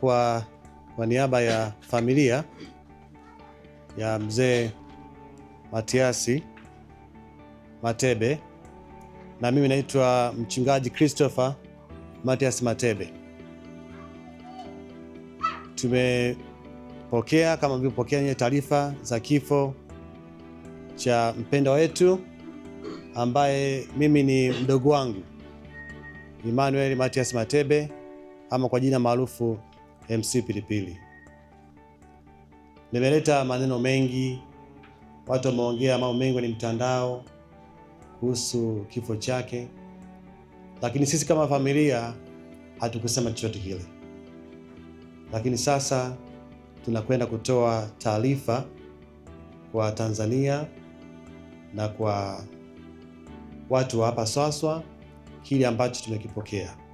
kwa, kwa niaba ya familia ya mzee Matiasi Matebe na mimi naitwa mchungaji Christopher Matias Matebe. Tumepokea kama mlivyopokea nyie taarifa za kifo cha mpendwa wetu ambaye mimi ni mdogo wangu Emmanuel Matias Matebe ama kwa jina maarufu MC Pilipili. Nimeleta maneno mengi, watu wameongea mambo mengi ni mtandao kuhusu kifo chake, lakini sisi kama familia hatukusema chochote kile, lakini sasa tunakwenda kutoa taarifa kwa Tanzania na kwa watu wa hapa Swaswa kile ambacho tumekipokea.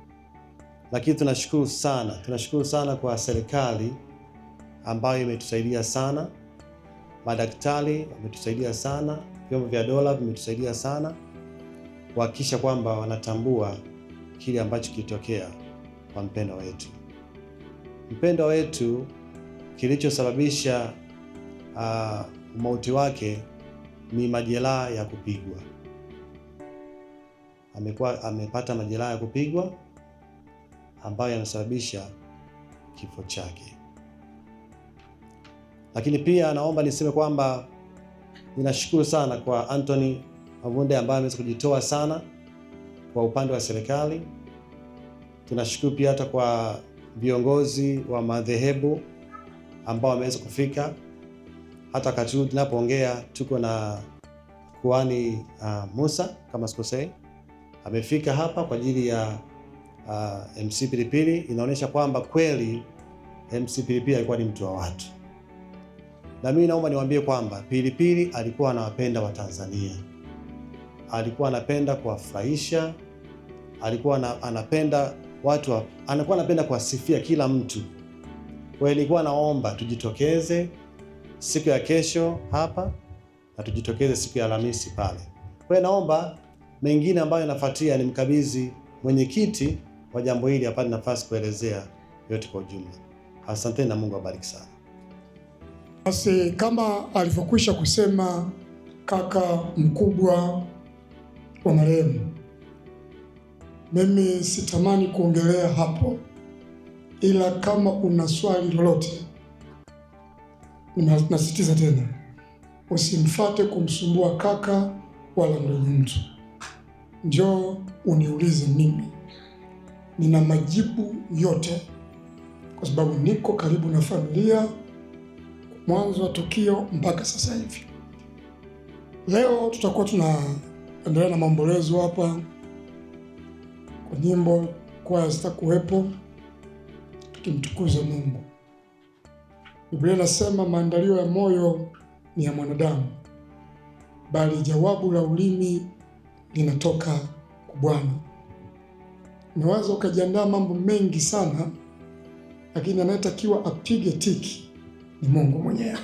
Lakini tunashukuru sana, tunashukuru sana kwa serikali ambayo imetusaidia sana, madaktari wametusaidia sana, vyombo vya dola vimetusaidia sana kuhakikisha kwamba wanatambua kile ambacho kilitokea kwa mpendo wetu, mpendo wetu kilichosababisha uh, mauti wake ni majeraha ya kupigwa. Amekuwa amepata majeraha ya kupigwa ambayo yanasababisha kifo chake. Lakini pia naomba niseme kwamba ninashukuru sana kwa Anthony Mavunde ambaye ameweza kujitoa sana kwa upande wa serikali. Tunashukuru pia hata kwa viongozi wa madhehebu ambao wameweza kufika. Hata wakati huu tunapoongea tuko na kuhani uh, Musa kama sikosei, amefika hapa kwa ajili ya uh, ah, MC Pilipili inaonyesha kwamba kweli MC Pilipili alikuwa ni mtu wa watu, na mimi naomba niwaambie kwamba Pilipili alikuwa anawapenda Watanzania, alikuwa anapenda kuwafurahisha, alikuwa na, anapenda watu, anakuwa anapenda kuwasifia kila mtu. Kwa hiyo nilikuwa naomba tujitokeze siku ya kesho hapa na tujitokeze siku ya Alhamisi pale. Kwa hiyo naomba mengine ambayo yanafuatia ni mkabidhi mwenyekiti kwa jambo hili hapana nafasi kuelezea yote kwa ujumla. Asanteni na Mungu awabariki sana. Basi kama alivyokwisha kusema kaka mkubwa wa marehemu, mimi sitamani kuongelea hapo, ila kama una swali lolote, nasitiza tena, usimfate kumsumbua kaka wala ndugu mtu, njoo uniulize mimi nina majibu yote, kwa sababu niko karibu na familia mwanzo wa tukio mpaka sasa hivi. Leo tutakuwa tunaendelea na maombolezo hapa kwa nyimbo, kwaya zitakuwepo tukimtukuza Mungu. Biblia inasema maandalio ya moyo ni ya mwanadamu, bali jawabu la ulimi linatoka kwa Bwana unaweza ukajiandaa mambo mengi sana, lakini anayetakiwa apige tiki ni Mungu mwenyewe.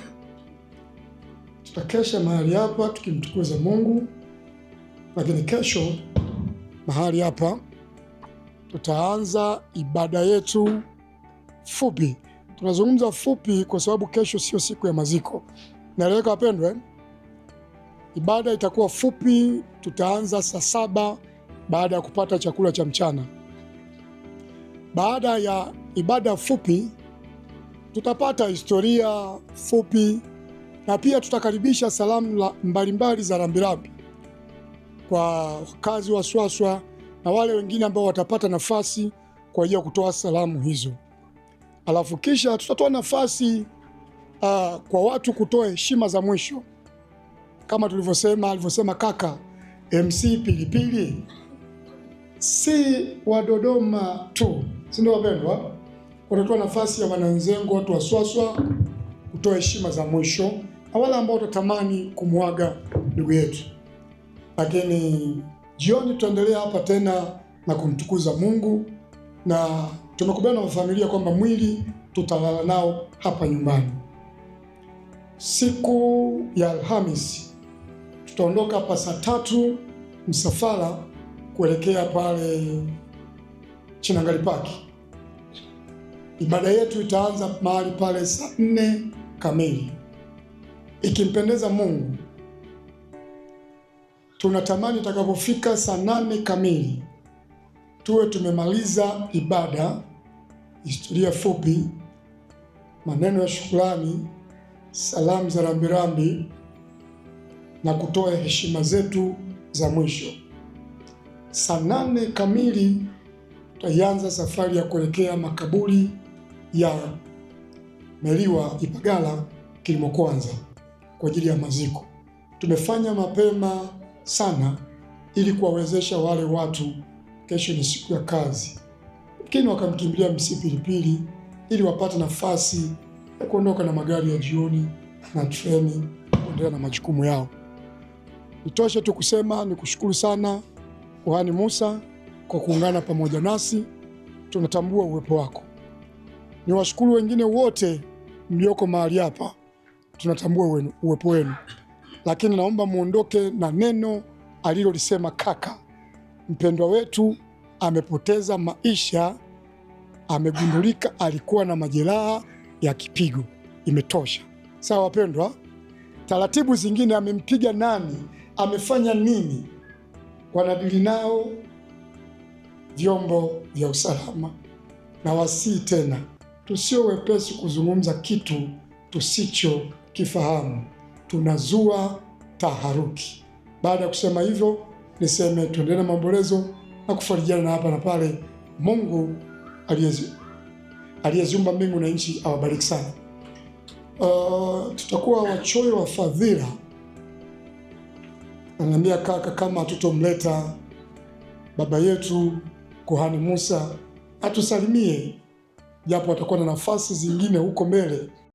Tutakesha mahali hapa tukimtukuza Mungu, lakini kesho mahali hapa tutaanza ibada yetu fupi. Tunazungumza fupi kwa sababu kesho sio siku ya maziko. Naeleweka wapendwe? Ibada itakuwa fupi, tutaanza saa saba baada ya kupata chakula cha mchana. Baada ya ibada fupi, tutapata historia fupi na pia tutakaribisha salamu mbalimbali za rambirambi kwa wakazi wa Swaswa na wale wengine ambao watapata nafasi kwa ya kutoa salamu hizo, alafu kisha tutatoa nafasi uh, kwa watu kutoa heshima za mwisho kama tulivyosema, alivyosema kaka MC Pilipili si wa Dodoma tu si ndio wapendwa? Watatoa nafasi ya wananzengo, watu waswaswa kutoa heshima za mwisho na wale ambao watatamani kumwaga ndugu yetu. Lakini jioni tutaendelea hapa tena na kumtukuza Mungu, na tumekubaliana na familia kwamba mwili tutalala nao hapa nyumbani. Siku ya Alhamisi tutaondoka hapa saa tatu msafara kuelekea pale Chinangali Park. Ibada yetu itaanza mahali pale saa nne kamili. Ikimpendeza Mungu, tunatamani itakapofika saa nane kamili tuwe tumemaliza ibada, historia fupi, maneno ya shukrani, salamu za rambirambi na kutoa heshima zetu za mwisho. Saa nane kamili tutaianza safari ya kuelekea makaburi ya Meliwa Ipagala Kilimo Kwanza kwa ajili ya maziko. Tumefanya mapema sana ili kuwawezesha wale watu, kesho ni siku ya kazi, lakini wakamkimbilia MC Pilipili ili wapate nafasi ya kuondoka na magari ya jioni na treni kuendelea na majukumu yao. nitoshe tu kusema ni kushukuru sana Kuhani Musa kwa kuungana pamoja nasi. Tunatambua uwepo wako. Ni washukuru wengine wote mlioko mahali hapa, tunatambua uwepo wenu, lakini naomba muondoke na neno alilolisema kaka mpendwa wetu amepoteza maisha, amegundulika alikuwa na majeraha ya kipigo. Imetosha. Sawa wapendwa, taratibu zingine, amempiga nani, amefanya nini, wanadili nao vyombo vya usalama, na wasii tena tusio wepesi kuzungumza kitu tusichokifahamu, tunazua taharuki. Baada ya kusema hivyo, niseme tuendelee na maombolezo na kufarijiana na hapa na pale. Mungu aliyeziumba mbingu na nchi awabariki sana. Uh, tutakuwa wachoyo wa fadhila. Ananiambia kaka, kama hatutomleta baba yetu Kuhani Musa atusalimie, japo atakuwa na nafasi zingine huko mbele